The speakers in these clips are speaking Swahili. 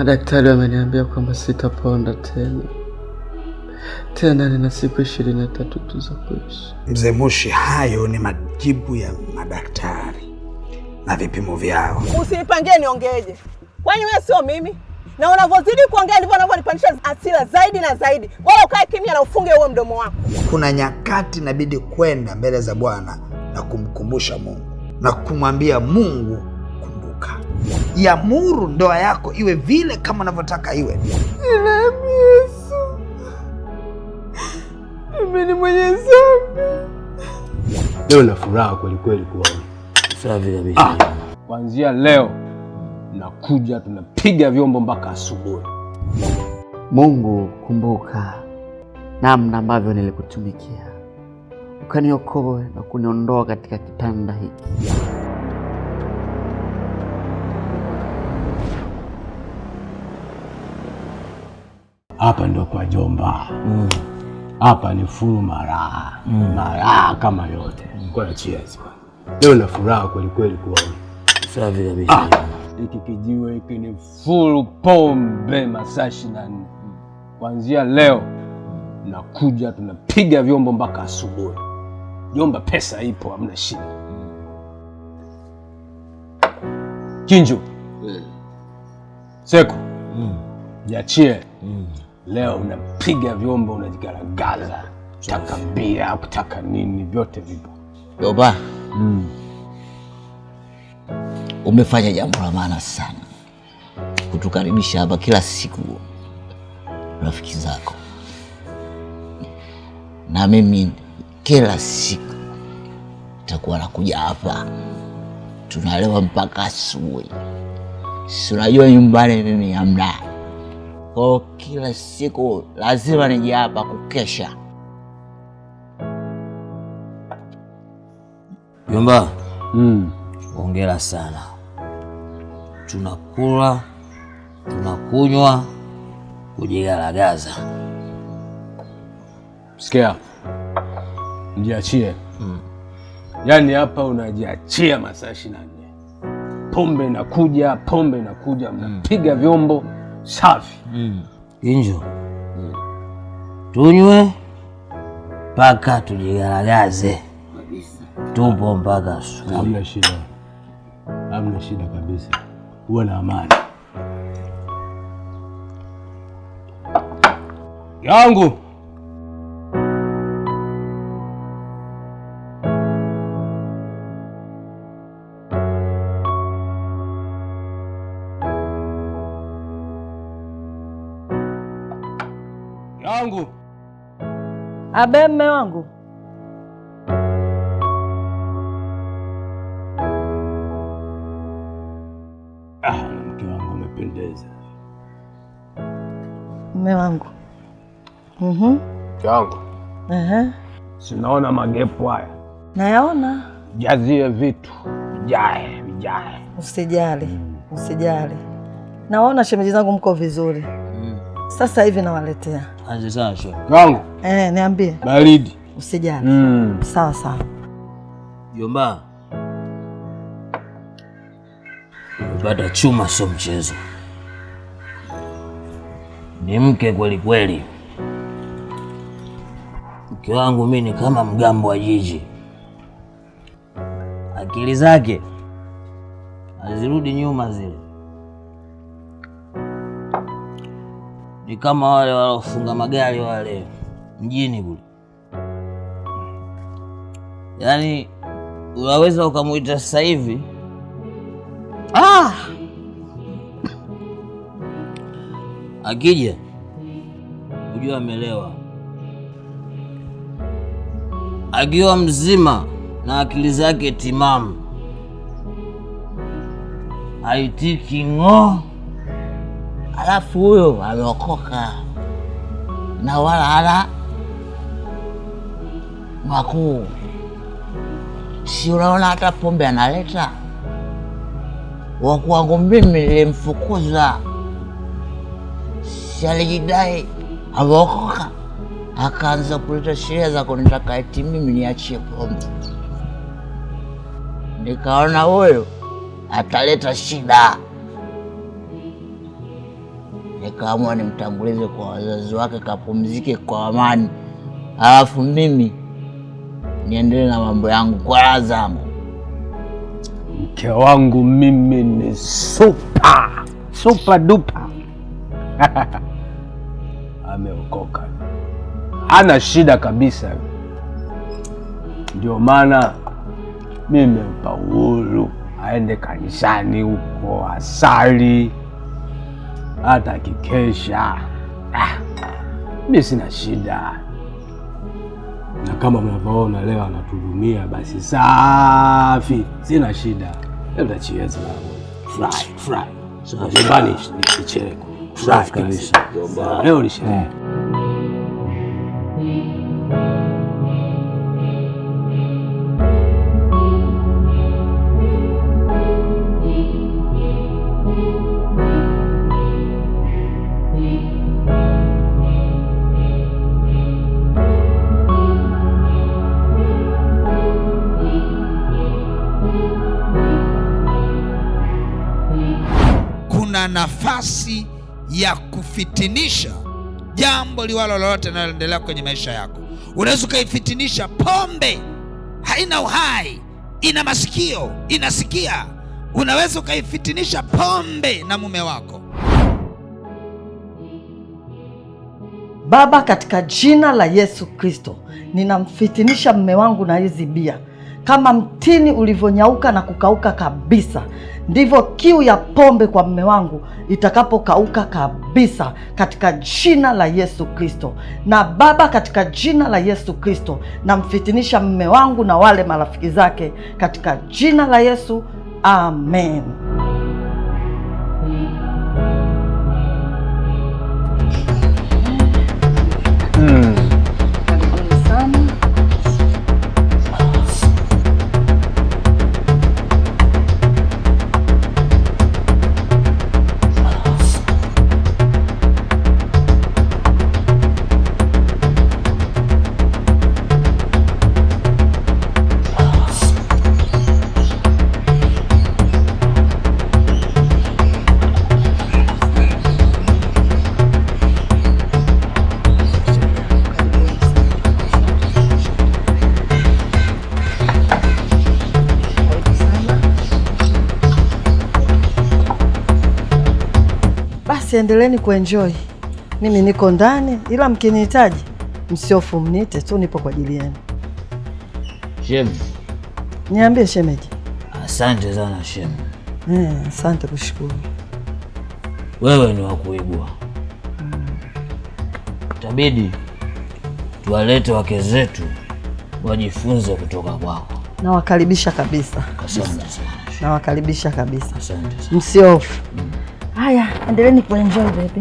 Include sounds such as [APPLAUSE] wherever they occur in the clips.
Madaktari wameniambia kwamba sitaponda tena, tena nina siku ishirini na tatu tu za kuishi. Mzee Mushi, hayo ni majibu ya madaktari na vipimo vyao. Usinipangie niongeeje, kwani wewe sio mimi, na unavyozidi kuongea ndivyo unavyonipandisha asira zaidi na zaidi. Wala ukae kimya na ufunge huo mdomo wako. Kuna nyakati inabidi kwenda mbele za Bwana na kumkumbusha Mungu na kumwambia Mungu Iamuru ndoa yako iwe vile kama unavyotaka iwe. Naam Yesu, mimi ni mwenye dhambi. Leo na furaha kwelikweli kuwaona. Safi Ah, leo nakuja tunapiga vyombo mpaka asubuhi. Mungu, kumbuka namna ambavyo nilikutumikia ukaniokoe na kuniondoa katika kitanda hiki. hapa ndo kwa jomba mm. hapa mm. ni furu maraha mm. maraha kama yote kwa cheers leo na furaha kweli kweli kuona safi kabisa ah. kijiwe hiki ni fulu pombe masaa ishirini na nne kuanzia leo nakuja tunapiga vyombo mpaka asubuhi jomba pesa ipo hamna shida Kinju mm. Seku mm. Yachie mm. Leo unapiga vyombo, unajigaragaza, utaka bia, utaka nini, vyote vipo. Yoba mm. Umefanya jambo la maana sana kutukaribisha hapa kila siku rafiki zako na mimi kila siku takuwa nakuja hapa, tunalewa mpaka asubuhi. Si unajua nyumbani mimi hamna kwa hiyo kila siku lazima nije hapa kukesha. Jomba, mm. sana, tunakula tunakunywa kujigaragaza. Sikia, mjiachie mm. Yaani hapa unajiachia masaa ishirini na nne, pombe inakuja, pombe inakuja, mnapiga mm. vyombo safi mm. Injo mm. tunywe mpaka tujigaragaze kabisa. Tupo mpaka asubuhi. Hamna shida, hamna shida kabisa, uwe na amani yangu wangu. Abe, mme wangu. Ah, mke wangu amependeza. Mme wangu. Mhm. Mke wangu. Ehe. Sinaona magepo haya. Nayaona. Jazie vitu vijae vijae. Usijali, mm. usijali. Naona shemeji zangu mko vizuri. Sasa hivi nawaletea wangu. Eh, niambie. Baridi. Usijali. Mm. Sawa sawa. Jomba. umepata chuma sio mchezo. Ni mke kweli kweli. Mke wangu mimi ni kama mgambo wa jiji. Akili zake azirudi nyuma zile. ni kama wale walofunga magari wale mjini kule, yaani unaweza ukamwita sasa hivi ah! akija ujua amelewa, akiwa mzima na akili zake timamu haitiki ng'oo Alafu huyo ameokoka na wala hana makuu, si unaona? Hata pombe analeta. Wakuu wangu mimi nilimfukuza, si alijidai ameokoka, akaanza kuleta sheria za kunitaka eti mimi niachie pombe. Nikaona huyo ataleta shida nikaamua nimtangulize kwa wazazi wake, kapumzike kwa amani, alafu mimi niendelee na mambo yangu kwa raha zangu. Mke wangu mimi ni super super dupa [LAUGHS] ameokoka, hana shida kabisa, ndio maana mimi mpa uhuru aende kanisani huko asali hata akikesha. Ah, mi sina shida, na kama mnavyoona leo anatudumia, basi safi, sina shida. Labda chiwezi fry fry, so, nyumbani nikichele fry kabisa. Leo ni sherehe una nafasi ya kufitinisha jambo liwalo lolote linaloendelea kwenye maisha yako. Unaweza ukaifitinisha pombe, haina uhai, ina masikio, inasikia. Unaweza ukaifitinisha pombe na mume wako. Baba, katika jina la Yesu Kristo, ninamfitinisha mume wangu na hizi bia, kama mtini ulivyonyauka na kukauka kabisa ndivyo kiu ya pombe kwa mme wangu itakapokauka kabisa, katika jina la Yesu Kristo. Na Baba, katika jina la Yesu Kristo, namfitinisha mme wangu na wale marafiki zake katika jina la Yesu, amen. endeleeni kuenjoy. Mimi niko ndani, ila mkinihitaji msiofu, mnite tu, nipo kwa ajili yenu. Shem, niambie shemeji. Asante sana shem. Eh, asante kushukuru. Wewe ni wa kuibua. hmm. Tabidi tuwalete wake zetu wajifunze kutoka kwako. Nawakaribisha kabisa. Asante sana. Nawakaribisha kabisa. Asante sana. Msiofu. hmm. Haya, endeleeni kuenjoy baby.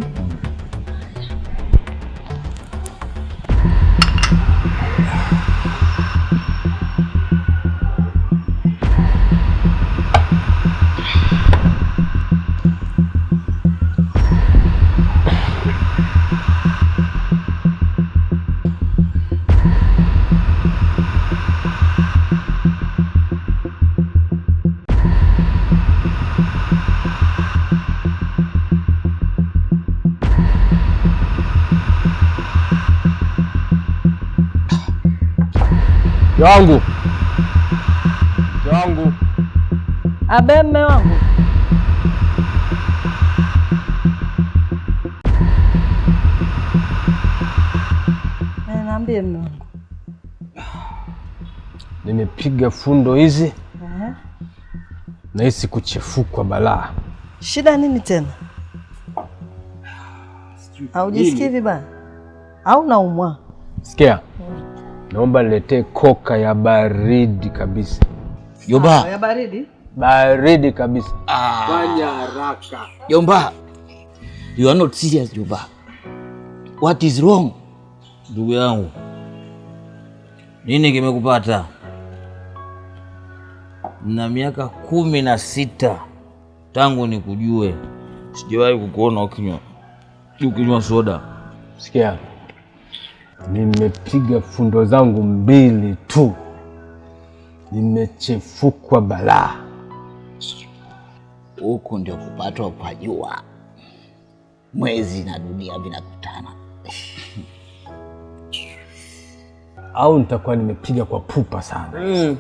Mke wangu, mke wangu, abe, mme wangu, eh, naambie mme wangu, nimepiga fundo hizi eh? nahisi kuchefukwa balaa. Shida nini tena? Haujisikii vibaya au naumwa? Sikia naomba niletee koka ya baridi kabisa. Yomba. Ya baridi? Baridi kabisa. Ah. Fanya haraka. Yomba. You are not serious, Yomba. What is wrong? Ndugu yangu. Nini kimekupata? Na miaka kumi na sita tangu nikujue sijawahi kukuona ukinywa ukinywa soda. Sikia nimepiga fundo zangu mbili tu, nimechefukwa balaa. Huku ndio kupatwa kwa jua, mwezi na dunia vinakutana. [LAUGHS] au nitakuwa nimepiga kwa pupa sana. Mm.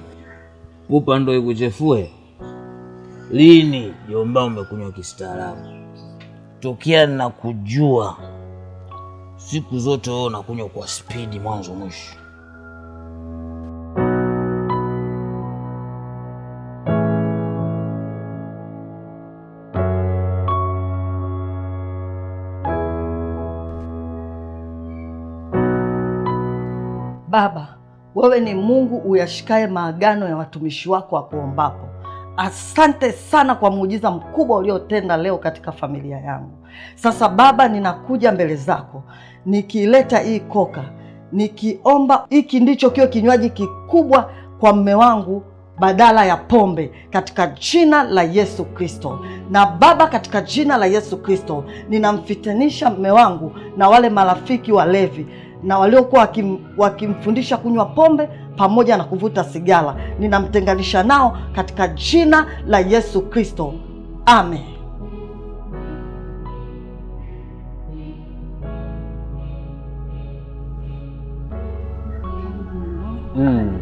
Pupa ndo ikuchefue lini? Jomba, umekunywa kistaarabu tokea na kujua siku zote wewe unakunywa kwa spidi mwanzo mwisho. Baba, wewe ni Mungu uyashikaye maagano ya watumishi wako wakuombapo. Asante sana kwa muujiza mkubwa uliotenda leo katika familia yangu. Sasa Baba, ninakuja mbele zako nikileta hii koka, nikiomba hiki ndicho kiwe kinywaji kikubwa kwa mme wangu badala ya pombe katika jina la Yesu Kristo. Na Baba, katika jina la Yesu Kristo, ninamfitanisha mme wangu na wale marafiki walevi na waliokuwa wakim, wakimfundisha kunywa pombe pamoja na kuvuta sigara, ninamtenganisha nao katika jina la Yesu Kristo, amen. Mm.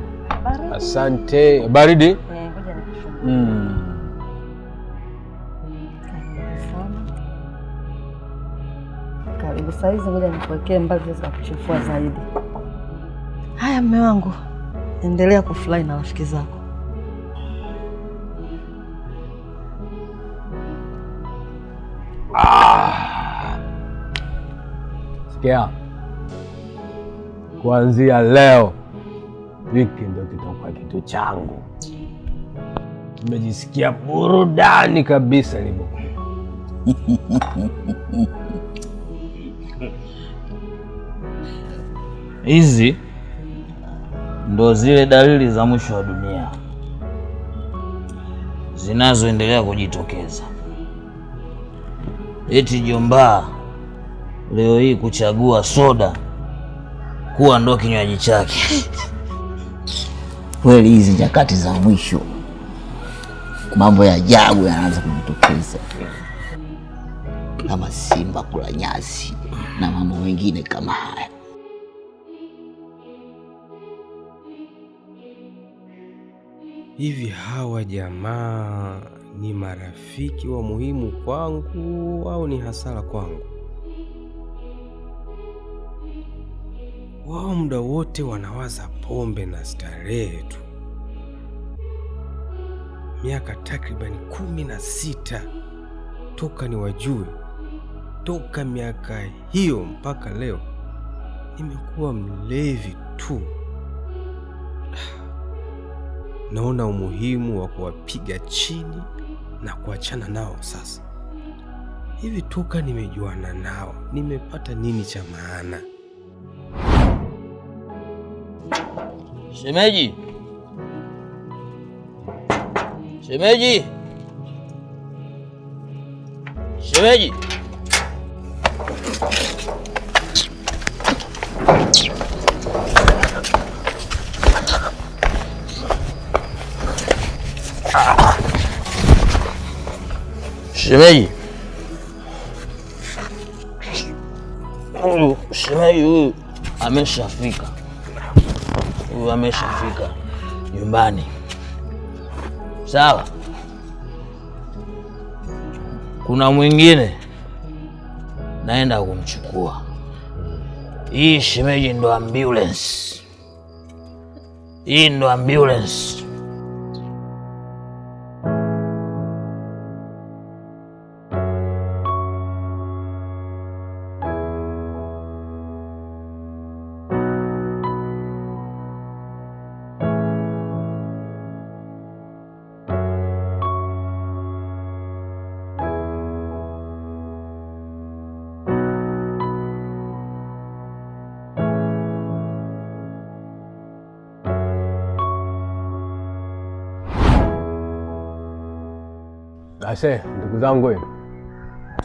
Baridi. Asante. Baridi? Mm. Karibu saizi, ngoja nikuwekee mbali za kuchafua zaidi. Haya, mme wangu endelea kufurahi na rafiki zako. Sikia, kuanzia leo hiki ndio kitakuwa kitu changu. Nimejisikia burudani kabisa libo [LAUGHS] hizi ndo zile dalili za mwisho wa dunia zinazoendelea kujitokeza. Eti jomba leo hii kuchagua soda kuwa ndo kinywaji chake. Kweli hizi nyakati za mwisho, mambo ya ajabu yanaanza kujitokeza, kama simba kula nyasi na mambo mengine kama haya. Hivi hawa jamaa ni marafiki wa muhimu kwangu au ni hasara kwangu? Wao muda wote wanawaza pombe na starehe tu. Miaka takribani kumi na sita toka ni wajue toka miaka hiyo mpaka leo nimekuwa mlevi tu naona umuhimu wa kuwapiga chini na kuachana nao. Sasa hivi toka nimejuana nao nimepata nini cha maana? Shemeji, shemeji, shemeji! Shemeji, huyu shemeji huyu ameshafika, huyu ameshafika nyumbani. Sawa, kuna mwingine naenda kumchukua. Hii shemeji ndo ambulance, hii ndo ambulance Ase ndugu zangu,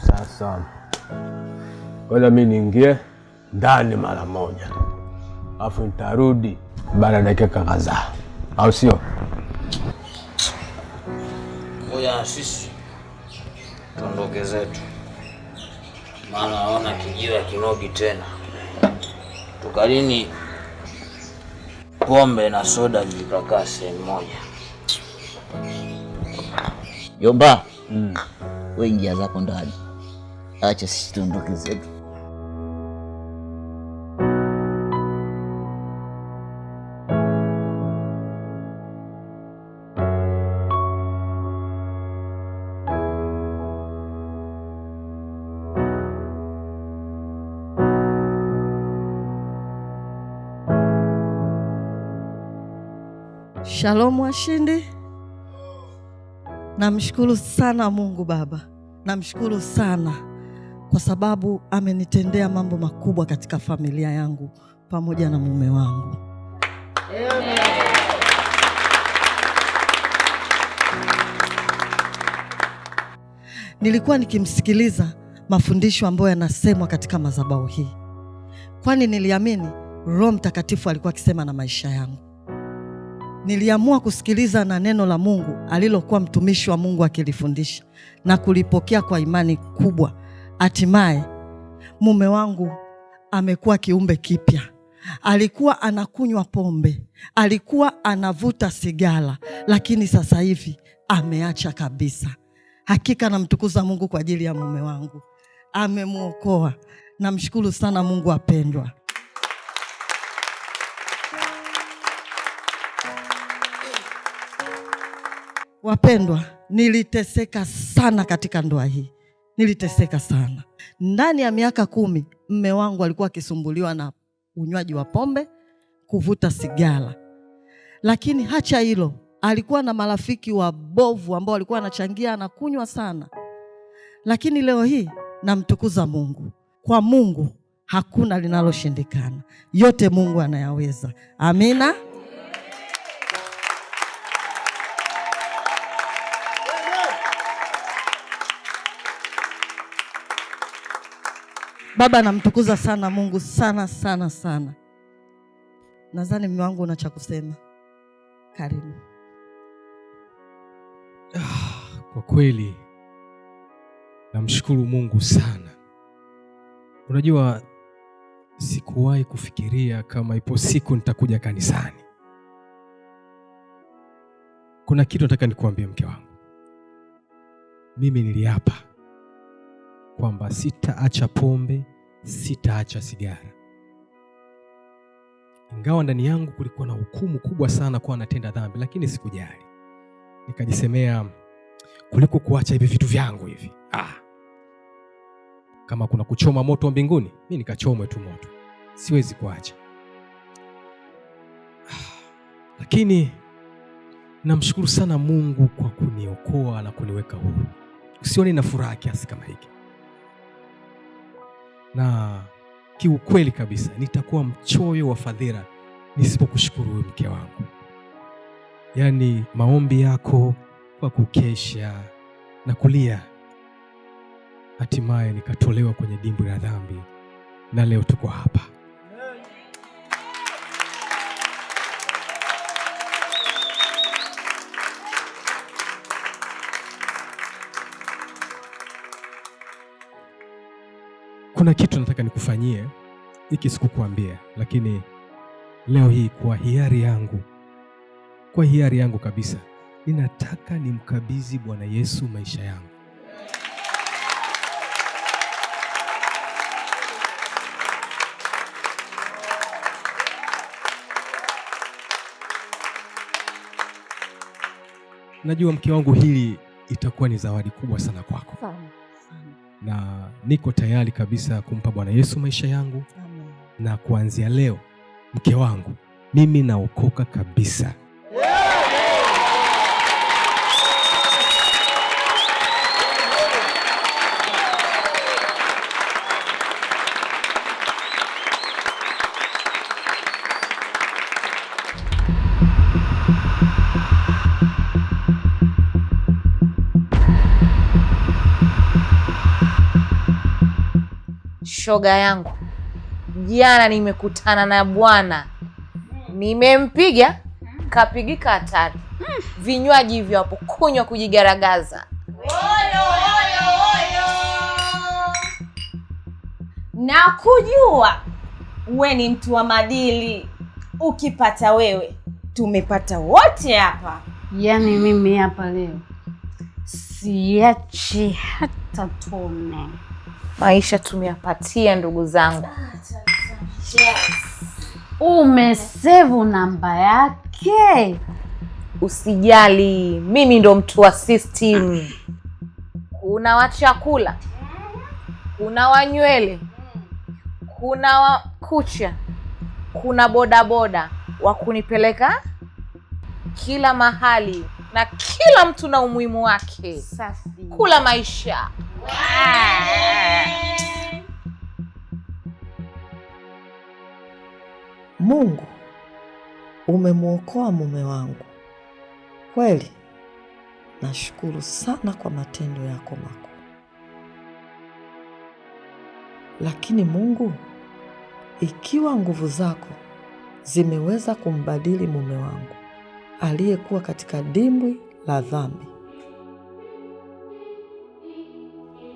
sasa kwanza mi niingie ndani mara moja, alafu nitarudi baada ya dakika kadhaa, au sio? Ngoja sisi tuondoke zetu, maana naona kijiwe kinogi tena. Tukalini pombe na soda vikakaa sehemu moja, Yomba. Mm. wewe ingia zako ndani, acha sisi tuondoke zetu. Shalom washindi. Namshukuru sana Mungu Baba, namshukuru sana kwa sababu amenitendea mambo makubwa katika familia yangu pamoja na mume wangu. Amen. Nilikuwa nikimsikiliza mafundisho ambayo yanasemwa katika madhabahu hii, kwani niliamini Roho Mtakatifu alikuwa akisema na maisha yangu niliamua kusikiliza na neno la Mungu alilokuwa mtumishi wa Mungu akilifundisha na kulipokea kwa imani kubwa. Hatimaye mume wangu amekuwa kiumbe kipya. Alikuwa anakunywa pombe, alikuwa anavuta sigara, lakini sasa hivi ameacha kabisa. Hakika namtukuza Mungu kwa ajili ya mume wangu, amemwokoa. Namshukuru sana Mungu apendwa. Wapendwa, niliteseka sana katika ndoa hii, niliteseka sana. Ndani ya miaka kumi mme wangu alikuwa akisumbuliwa na unywaji wa pombe, kuvuta sigara, lakini hacha hilo alikuwa na marafiki wabovu ambao alikuwa anachangia, anakunywa sana. Lakini leo hii namtukuza Mungu. Kwa Mungu hakuna linaloshindikana, yote Mungu anayaweza. Amina. Baba, namtukuza sana Mungu sana sana sana. Nadhani mume wangu una cha kusema, karibu. Ah, kwa kweli namshukuru Mungu sana. Unajua, sikuwahi kufikiria kama ipo siku nitakuja kanisani. Kuna kitu nataka nikuambie mke wangu, mimi niliapa kwamba sitaacha pombe, sitaacha sigara, ingawa ndani yangu kulikuwa na hukumu kubwa sana kuwa natenda dhambi, lakini sikujali. Nikajisemea, kuliko kuacha hivi vitu vyangu hivi ah, kama kuna kuchoma moto mbinguni, mi nikachomwe tu moto, siwezi kuacha ah. Lakini namshukuru sana Mungu kwa kuniokoa na kuniweka huru. Usioni na furaha kiasi kama hiki na kiukweli kabisa nitakuwa mchoyo wa fadhila nisipokushukuru wewe mke wangu. Yaani maombi yako kwa kukesha na kulia, hatimaye nikatolewa kwenye dimbwi la dhambi, na leo tuko hapa. kuna kitu nataka nikufanyie, hiki sikukuambia, lakini leo hii kwa hiari yangu, kwa hiari yangu kabisa, ninataka nimkabidhi Bwana Yesu maisha yangu. Najua mke wangu, hili itakuwa ni zawadi kubwa sana kwako na niko tayari kabisa kumpa Bwana Yesu maisha yangu. Amen. Na kuanzia leo mke wangu, mimi naokoka kabisa. Shoga yangu jana nimekutana na bwana, nimempiga kapigika hatari. Vinywaji hivyo hapo kunywa, kujigaragaza. Na kujua we ni mtu wa madili, ukipata wewe tumepata wote hapa. Yaani mimi hapa leo siachi hata tone. Maisha tumeyapatia ndugu zangu. Umesevu namba yake? Usijali, mimi ndo mtu wa system. Kuna wa chakula, kuna wa nywele, kuna wa kucha, kuna bodaboda wa kunipeleka kila mahali, na kila mtu na umuhimu wake. Kula maisha Mungu umemwokoa mume wangu kweli, nashukuru sana kwa matendo yako makuu. Lakini Mungu, ikiwa nguvu zako zimeweza kumbadili mume wangu aliyekuwa katika dimbwi la dhambi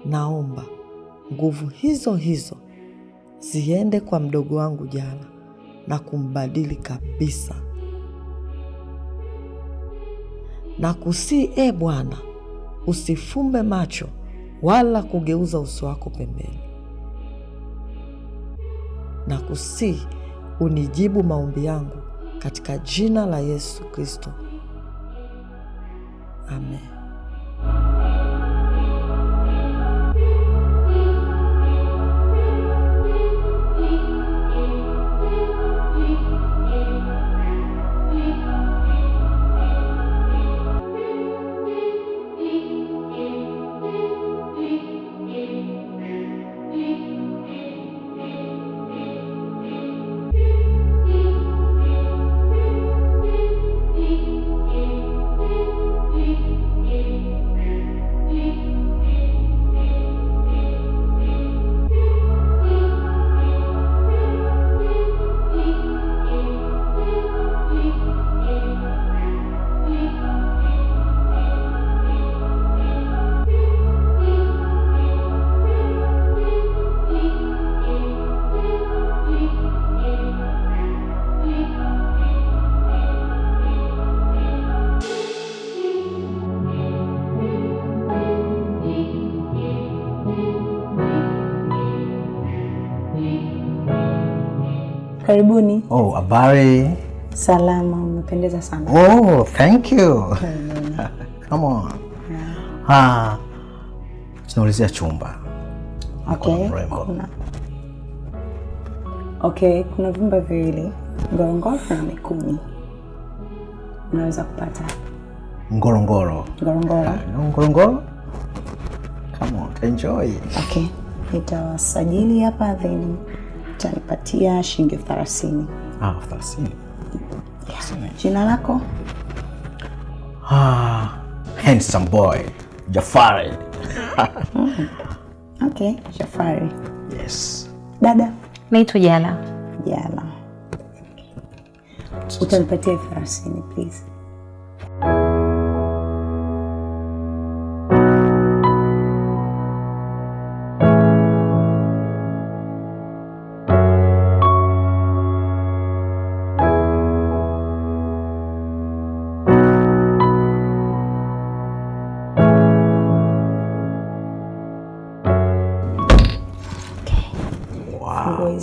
naomba nguvu hizo hizo ziende kwa mdogo wangu jana na kumbadili kabisa. Na kusii, e Bwana, usifumbe macho wala kugeuza uso wako pembeni. Na kusii unijibu maombi yangu katika jina la Yesu Kristo, amen. Karibuni. Oh, habari? Salama, umependeza sana. Oh, thank you. [LAUGHS] Come on. Yeah. Ah. Tunaulizia chumba. Okay. Kuna. Okay, kuna vyumba viwili Ngorongoro na Mikumi. Unaweza kupata Ngorongoro. Ngorongoro. Ah, Ngorongoro? Come on, enjoy. Okay. Nitawasajili hapa then utanipatia shilingi elfu thelathini. Ah, elfu thelathini. Yeah. Jina lako? Ah, handsome boy Jafari. mm. Okay, Jafari. Yes. Dada, naitwa Jala. Jala. Utanipatia elfu thelathini please.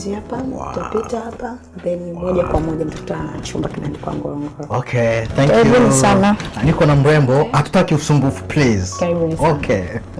hizi hapa wow. Tutapita hapa then wow. Moja kwa moja mtakutana na chumba kinaandikwa Ngorongoro. Okay, thank you. Karibuni sana. Niko na mrembo, hatutaki usumbufu please. Karibuni sana. Okay.